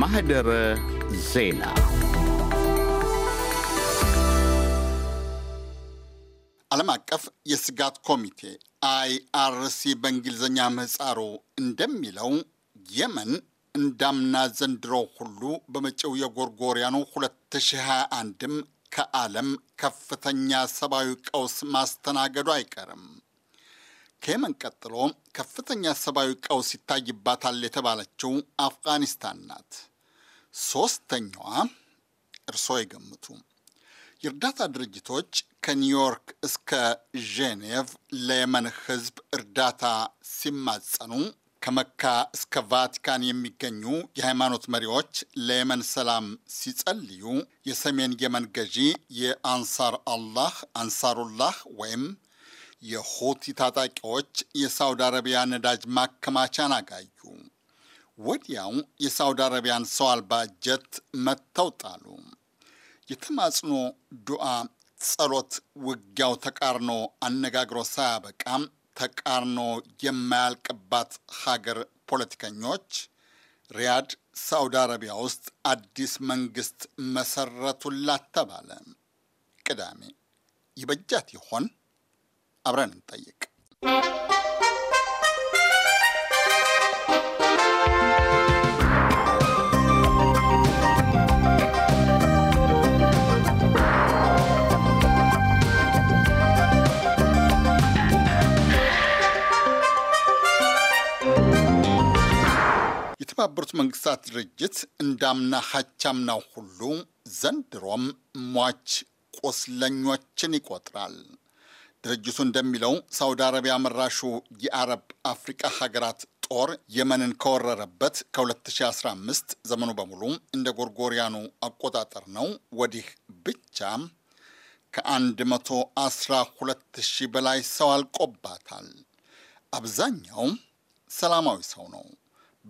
ማህደረ ዜና ዓለም አቀፍ የስጋት ኮሚቴ አይአርሲ በእንግሊዝኛ ምህፃሩ እንደሚለው የመን እንዳምና ዘንድሮ ሁሉ በመጪው የጎርጎሪያኑ 2021ም ከዓለም ከፍተኛ ሰብአዊ ቀውስ ማስተናገዱ አይቀርም። ከየመን ቀጥሎ ከፍተኛ ሰብአዊ ቀውስ ይታይባታል የተባለችው አፍጋኒስታን ናት። ሶስተኛዋ እርስዎ ይገምቱ። የእርዳታ ድርጅቶች ከኒውዮርክ እስከ ዤኔቭ ለየመን ሕዝብ እርዳታ ሲማጸኑ፣ ከመካ እስከ ቫቲካን የሚገኙ የሃይማኖት መሪዎች ለየመን ሰላም ሲጸልዩ፣ የሰሜን የመን ገዢ የአንሳር አላህ አንሳሩላህ ወይም የሁቲ ታጣቂዎች የሳውዲ አረቢያ ነዳጅ ማከማቻን አጋዩ። ወዲያው የሳውዲ አረቢያን ሰው አልባ ጀት መጥተው ጣሉ። የተማጽኖ ዱዓ፣ ጸሎት፣ ውጊያው ተቃርኖ አነጋግሮ ሳያበቃም ተቃርኖ የማያልቅባት ሀገር ፖለቲከኞች ሪያድ ሳውዲ አረቢያ ውስጥ አዲስ መንግስት መሰረቱላት ተባለ። ቅዳሜ ይበጃት ይሆን? አብረን እንጠይቅ። የተባበሩት መንግስታት ድርጅት እንዳምና ሀቻምናው ሁሉ ዘንድሮም ሟች ቁስለኞችን ይቆጥራል። ድርጅቱ እንደሚለው ሳውዲ አረቢያ መራሹ የአረብ አፍሪቃ ሀገራት ጦር የመንን ከወረረበት ከ2015 ዘመኑ በሙሉ እንደ ጎርጎሪያኑ አቆጣጠር ነው ወዲህ ብቻ ከ 112000 በላይ ሰው አልቆባታል። አብዛኛው ሰላማዊ ሰው ነው።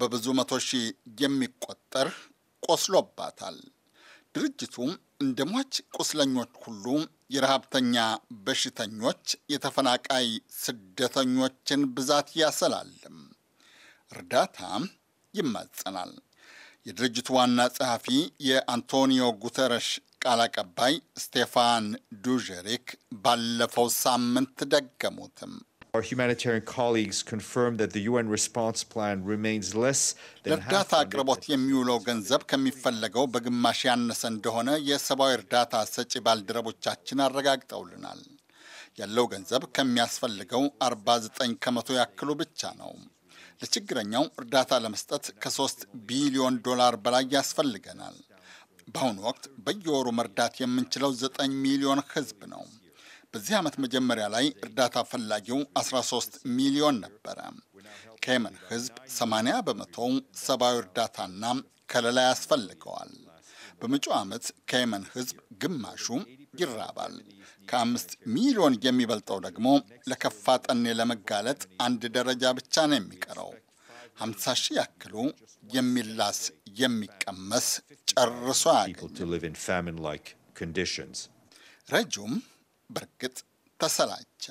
በብዙ መቶ ሺህ የሚቆጠር ቆስሎባታል። ድርጅቱም እንደ ሟች ቁስለኞች ሁሉ የረሃብተኛ በሽተኞች፣ የተፈናቃይ ስደተኞችን ብዛት ያሰላልም፣ እርዳታ ይማጸናል። የድርጅቱ ዋና ጸሐፊ የአንቶኒዮ ጉተረሽ ቃል አቀባይ ስቴፋን ዱዥሪክ ባለፈው ሳምንት ደገሙትም። our humanitarian colleagues confirmed that the UN response plan remains less than ለእርዳታ አቅርቦት የሚውለው ገንዘብ ከሚፈለገው በግማሽ ያነሰ እንደሆነ የሰብአዊ እርዳታ ሰጪ ባልደረቦቻችን አረጋግጠውልናል። ያለው ገንዘብ ከሚያስፈልገው 49 ከመቶ ያክሉ ብቻ ነው። ለችግረኛው እርዳታ ለመስጠት ከ3 ቢሊዮን ዶላር በላይ ያስፈልገናል። በአሁኑ ወቅት በየወሩ መርዳት የምንችለው 9 ሚሊዮን ህዝብ ነው። በዚህ ዓመት መጀመሪያ ላይ እርዳታ ፈላጊው 13 ሚሊዮን ነበረ። ከየመን ህዝብ 80 በመቶ ሰብአዊ እርዳታና ከለላ ያስፈልገዋል። በመጪው ዓመት ከየመን ህዝብ ግማሹ ይራባል። ከአምስት ሚሊዮን የሚበልጠው ደግሞ ለከፋ ጠኔ ለመጋለጥ አንድ ደረጃ ብቻ ነው የሚቀረው። 50 ሺህ ያክሉ የሚላስ የሚቀመስ ጨርሶ አያገኝም። ረጁም በእርግጥ ተሰላቸ።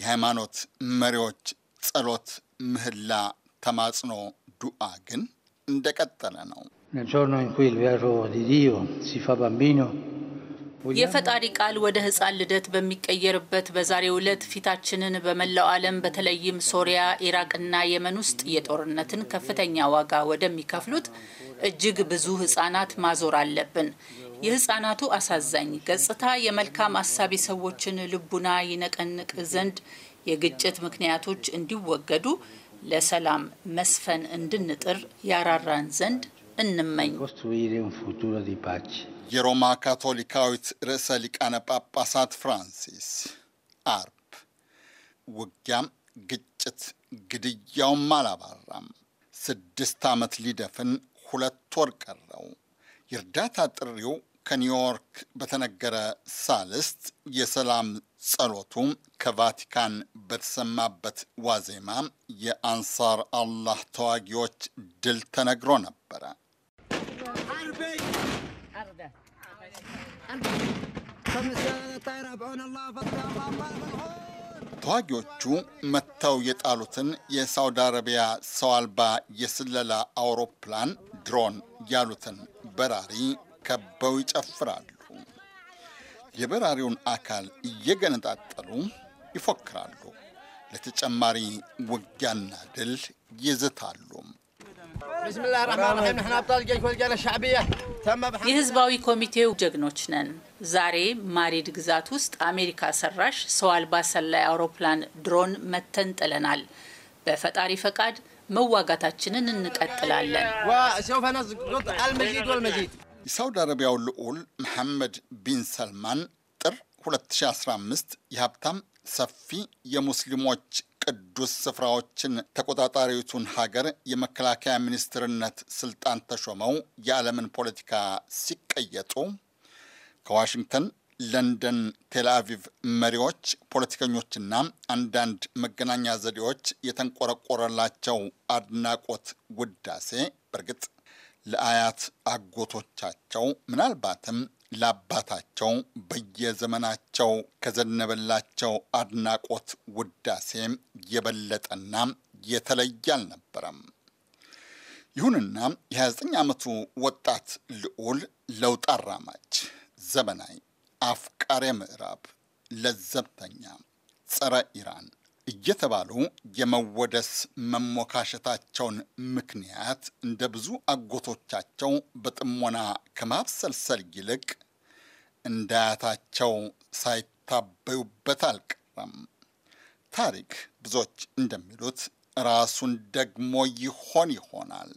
የሃይማኖት መሪዎች ጸሎት፣ ምህላ፣ ተማጽኖ፣ ዱዓ ግን እንደቀጠለ ነው። የፈጣሪ ቃል ወደ ህፃን ልደት በሚቀየርበት በዛሬ ዕለት ፊታችንን በመላው ዓለም በተለይም ሶሪያ፣ ኢራቅና የመን ውስጥ የጦርነትን ከፍተኛ ዋጋ ወደሚከፍሉት እጅግ ብዙ ህፃናት ማዞር አለብን። የህፃናቱ አሳዛኝ ገጽታ የመልካም አሳቢ ሰዎችን ልቡና ይነቀንቅ ዘንድ የግጭት ምክንያቶች እንዲወገዱ ለሰላም መስፈን እንድንጥር ያራራን ዘንድ እንመኝ። የሮማ ካቶሊካዊት ርዕሰ ሊቃነ ጳጳሳት ፍራንሲስ አርብ ውጊያም፣ ግጭት፣ ግድያውም አላባራም። ስድስት ዓመት ሊደፍን ሁለት ወር ቀረው። የእርዳታ ጥሪው ከኒውዮርክ በተነገረ ሳልስት የሰላም ጸሎቱ ከቫቲካን በተሰማበት ዋዜማ የአንሳር አላህ ተዋጊዎች ድል ተነግሮ ነበረ። ተዋጊዎቹ መጥተው የጣሉትን የሳውዲ አረቢያ ሰው አልባ የስለላ አውሮፕላን ድሮን ያሉትን በራሪ ከበው ይጨፍራሉ። የበራሪውን አካል እየገነጣጠሉ ይፎክራሉ። ለተጨማሪ ውጊያና ድል ይዝታሉ። የህዝባዊ ኮሚቴው ጀግኖች ነን። ዛሬ ማሪድ ግዛት ውስጥ አሜሪካ ሰራሽ ሰው አልባ ሰላይ አውሮፕላን ድሮን መተን ጥለናል። በፈጣሪ ፈቃድ መዋጋታችንን እንቀጥላለን። የሳውዲ አረቢያው ልዑል መሐመድ ቢን ሰልማን ጥር 2015 የሀብታም ሰፊ የሙስሊሞች ቅዱስ ስፍራዎችን ተቆጣጣሪቱን ሀገር የመከላከያ ሚኒስትርነት ስልጣን ተሾመው የዓለምን ፖለቲካ ሲቀየጡ ከዋሽንግተን፣ ለንደን፣ ቴልአቪቭ መሪዎች፣ ፖለቲከኞችና አንዳንድ መገናኛ ዘዴዎች የተንቆረቆረላቸው አድናቆት፣ ውዳሴ በእርግጥ ለአያት አጎቶቻቸው ምናልባትም ለአባታቸው በየዘመናቸው ከዘነበላቸው አድናቆት ውዳሴ የበለጠና የተለየ አልነበረም። ይሁንና የ29 ዓመቱ ወጣት ልዑል ለውጥ አራማጅ፣ ዘመናዊ፣ አፍቃሬ ምዕራብ፣ ለዘብተኛ፣ ጸረ ኢራን እየተባሉ የመወደስ መሞካሸታቸውን ምክንያት እንደ ብዙ አጎቶቻቸው በጥሞና ከማብሰልሰል ይልቅ እንዳያታቸው ሳይታበዩበት አልቀረም። ታሪክ ብዙዎች እንደሚሉት ራሱን ደግሞ ይሆን ይሆናል።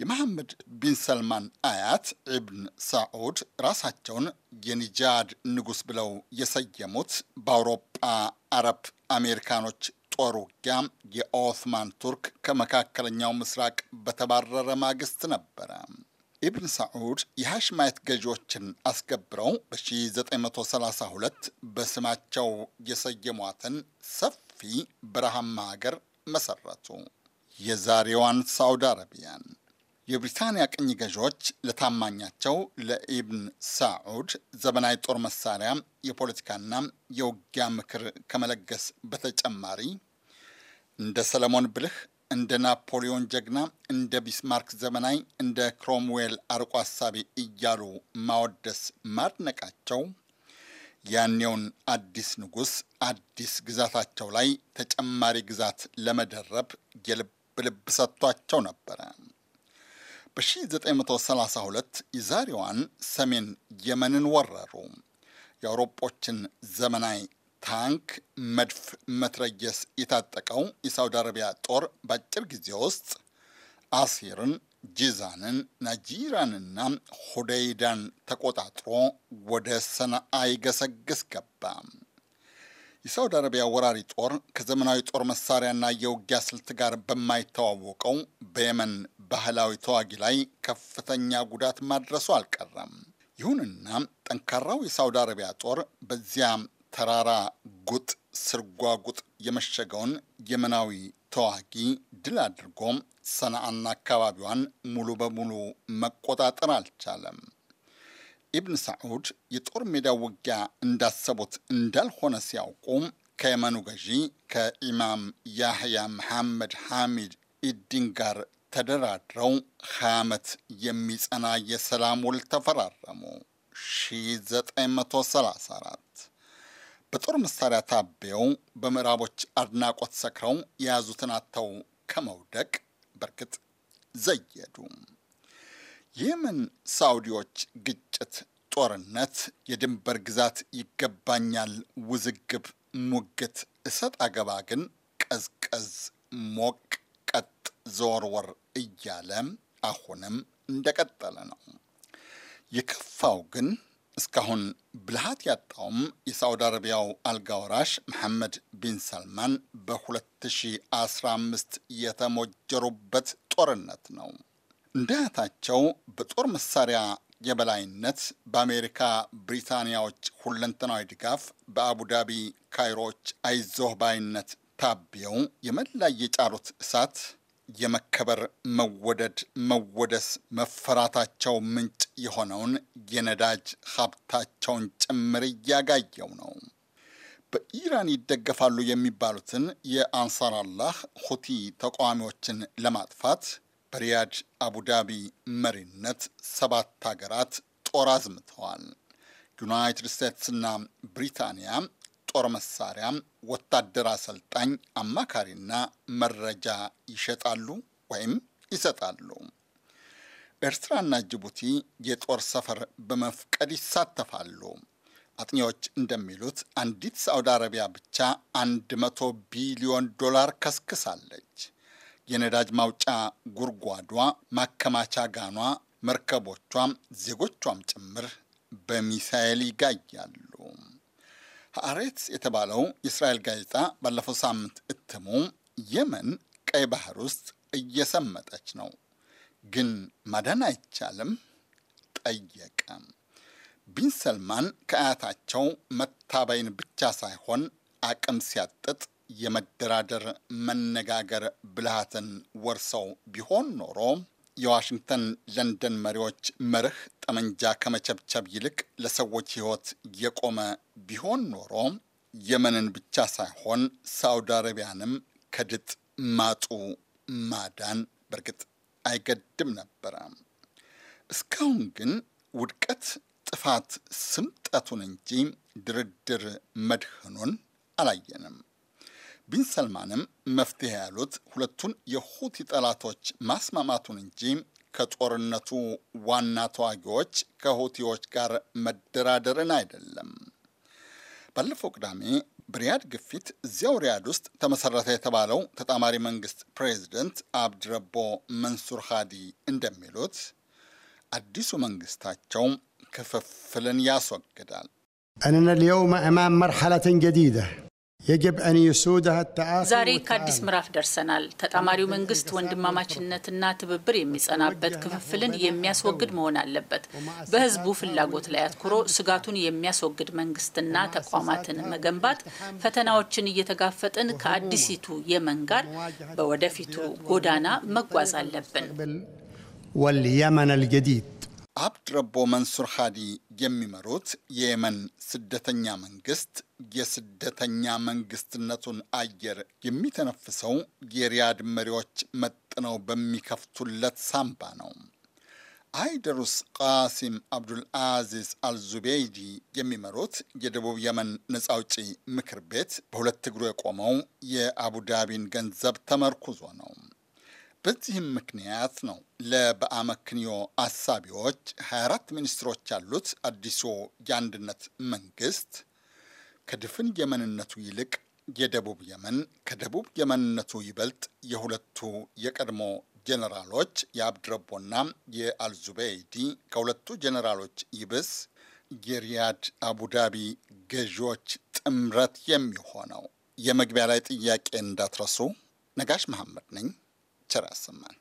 የመሐመድ ቢን ሰልማን አያት ኢብን ሳዑድ ራሳቸውን የኒጃድ ንጉስ ብለው የሰየሙት በአውሮጳ አረብ አሜሪካኖች ጦር ውጊያ የኦስማን ቱርክ ከመካከለኛው ምስራቅ በተባረረ ማግስት ነበረ። ኢብን ሳዑድ የሐሽማየት ገዢዎችን አስገብረው በ1932 በስማቸው የሰየሟትን ሰፊ በረሃማ ሀገር መሰረቱ፣ የዛሬዋን ሳውዲ አረቢያን። የብሪታንያ ቅኝ ገዢዎች ለታማኛቸው ለኢብን ሳዑድ ዘመናዊ ጦር መሳሪያ፣ የፖለቲካና የውጊያ ምክር ከመለገስ በተጨማሪ እንደ ሰለሞን ብልህ፣ እንደ ናፖሊዮን ጀግና፣ እንደ ቢስማርክ ዘመናዊ፣ እንደ ክሮምዌል አርቆ አሳቢ እያሉ ማወደስ ማድነቃቸው ያኔውን አዲስ ንጉሥ አዲስ ግዛታቸው ላይ ተጨማሪ ግዛት ለመደረብ የልብ ልብ ሰጥቷቸው ነበረ። በ1932 የዛሬዋን ሰሜን የመንን ወረሩ። የአውሮጶችን ዘመናዊ ታንክ፣ መድፍ፣ መትረየስ የታጠቀው የሳውዲ አረቢያ ጦር በአጭር ጊዜ ውስጥ አሲርን፣ ጂዛንን፣ ናጂራንና ሁደይዳን ተቆጣጥሮ ወደ ሰነአ ይገሰግስ ገባ። የሳውዲ አረቢያ ወራሪ ጦር ከዘመናዊ ጦር መሳሪያና የውጊያ ስልት ጋር በማይተዋወቀው በየመን ባህላዊ ተዋጊ ላይ ከፍተኛ ጉዳት ማድረሱ አልቀረም። ይሁንና ጠንካራው የሳውዲ አረቢያ ጦር በዚያ ተራራ ጉጥ ስርጓጉጥ የመሸገውን የመናዊ ተዋጊ ድል አድርጎ ሰንዓና አካባቢዋን ሙሉ በሙሉ መቆጣጠር አልቻለም። ኢብን ሳዑድ የጦር ሜዳው ውጊያ እንዳሰቡት እንዳልሆነ ሲያውቁ ከየመኑ ገዢ ከኢማም ያህያ መሐመድ ሐሚድ ኢዲን ጋር ተደራድረው ሀያ ዓመት የሚጸና የሰላም ውል ተፈራረሙ። 1934 በጦር መሳሪያ ታቤው በምዕራቦች አድናቆት ሰክረው የያዙትን አጥተው ከመውደቅ በእርግጥ ዘየዱ። የመን ሳውዲዎች ግጭት፣ ጦርነት፣ የድንበር ግዛት ይገባኛል ውዝግብ፣ ሙግት፣ እሰጥ አገባ ግን ቀዝቀዝ፣ ሞቅ፣ ቀጥ፣ ዘወርወር እያለ አሁንም እንደቀጠለ ነው። የከፋው ግን እስካሁን ብልሃት ያጣውም የሳውዲ አረቢያው አልጋ ወራሽ መሐመድ ቢን ሰልማን በ2015 የተሞጀሩበት ጦርነት ነው። እንደ እህታቸው በጦር መሳሪያ የበላይነት በአሜሪካ ብሪታንያዎች ሁለንተናዊ ድጋፍ በአቡዳቢ ካይሮዎች አይዞህ ባይነት ታቢያው የመላ የጫሩት እሳት የመከበር መወደድ፣ መወደስ፣ መፈራታቸው ምንጭ የሆነውን የነዳጅ ሀብታቸውን ጭምር እያጋየው ነው። በኢራን ይደገፋሉ የሚባሉትን የአንሳራላህ ሁቲ ተቃዋሚዎችን ለማጥፋት በሪያድ አቡዳቢ መሪነት ሰባት ሀገራት ጦር አዝምተዋል። ዩናይትድ ስቴትስና ብሪታንያ ጦር መሳሪያ፣ ወታደር አሰልጣኝ፣ አማካሪና መረጃ ይሸጣሉ ወይም ይሰጣሉ። ኤርትራና ጅቡቲ የጦር ሰፈር በመፍቀድ ይሳተፋሉ። አጥኚዎች እንደሚሉት አንዲት ሳውዲ አረቢያ ብቻ አንድ መቶ ቢሊዮን ዶላር ከስክሳለች። የነዳጅ ማውጫ ጉድጓዷ፣ ማከማቻ ጋኗ፣ መርከቦቿም ዜጎቿም ጭምር በሚሳኤል ይጋያሉ። ሀአሬት የተባለው የእስራኤል ጋዜጣ ባለፈው ሳምንት እትሙ የመን ቀይ ባህር ውስጥ እየሰመጠች ነው፣ ግን ማዳን አይቻልም ጠየቀ። ቢን ሰልማን ከአያታቸው መታበይን ብቻ ሳይሆን አቅም ሲያጥጥ የመደራደር መነጋገር ብልሃትን ወርሰው ቢሆን ኖሮ የዋሽንግተን ለንደን መሪዎች መርህ ጠመንጃ ከመቸብቸብ ይልቅ ለሰዎች ሕይወት የቆመ ቢሆን ኖሮ የመንን ብቻ ሳይሆን ሳውዲ አረቢያንም ከድጥ ማጡ ማዳን በእርግጥ አይገድም ነበረ። እስካሁን ግን ውድቀት፣ ጥፋት ስምጠቱን እንጂ ድርድር መድህኑን አላየንም። ቢን ሰልማንም መፍትሄ ያሉት ሁለቱን የሁቲ ጠላቶች ማስማማቱን እንጂ ከጦርነቱ ዋና ተዋጊዎች ከሁቲዎች ጋር መደራደርን አይደለም። ባለፈው ቅዳሜ በሪያድ ግፊት እዚያው ሪያድ ውስጥ ተመሰረተ የተባለው ተጣማሪ መንግስት ፕሬዚደንት አብድረቦ መንሱር ሃዲ እንደሚሉት አዲሱ መንግስታቸው ክፍፍልን ያስወግዳል። እንና ልየውመ እማም መርሐለትን ጀዲደ ዛሬ ከአዲስ ምዕራፍ ደርሰናል። ተጣማሪው መንግስት ወንድማማችነትና ትብብር የሚጸናበት ክፍፍልን የሚያስወግድ መሆን አለበት። በህዝቡ ፍላጎት ላይ አትኩሮ ስጋቱን የሚያስወግድ መንግስትና ተቋማትን መገንባት፣ ፈተናዎችን እየተጋፈጥን ከአዲሲቱ የመን ጋር በወደፊቱ ጎዳና መጓዝ አለብን። ወልየመን አልጀዲድ አብድረቦ መንሱር ሃዲ የሚመሩት የየመን ስደተኛ መንግስት የስደተኛ መንግስትነቱን አየር የሚተነፍሰው የሪያድ መሪዎች መጥነው በሚከፍቱለት ሳንባ ነው። አይደሩስ ቃሲም አብዱልአዚዝ አልዙቤይዲ የሚመሩት የደቡብ የመን ነጻ አውጪ ምክር ቤት በሁለት እግሩ የቆመው የአቡዳቢን ገንዘብ ተመርኩዞ ነው። በዚህም ምክንያት ነው ለበአመክንዮ አሳቢዎች 24 ሚኒስትሮች ያሉት አዲሱ የአንድነት መንግስት ከድፍን የመንነቱ ይልቅ የደቡብ የመን ከደቡብ የመንነቱ ይበልጥ የሁለቱ የቀድሞ ጀነራሎች የአብድረቦና የአልዙበይዲ ከሁለቱ ጀነራሎች ይብስ የሪያድ አቡዳቢ ገዢዎች ጥምረት የሚሆነው የመግቢያ ላይ ጥያቄ እንዳትረሱ። ነጋሽ መሐመድ ነኝ። ቸር ያሰማን።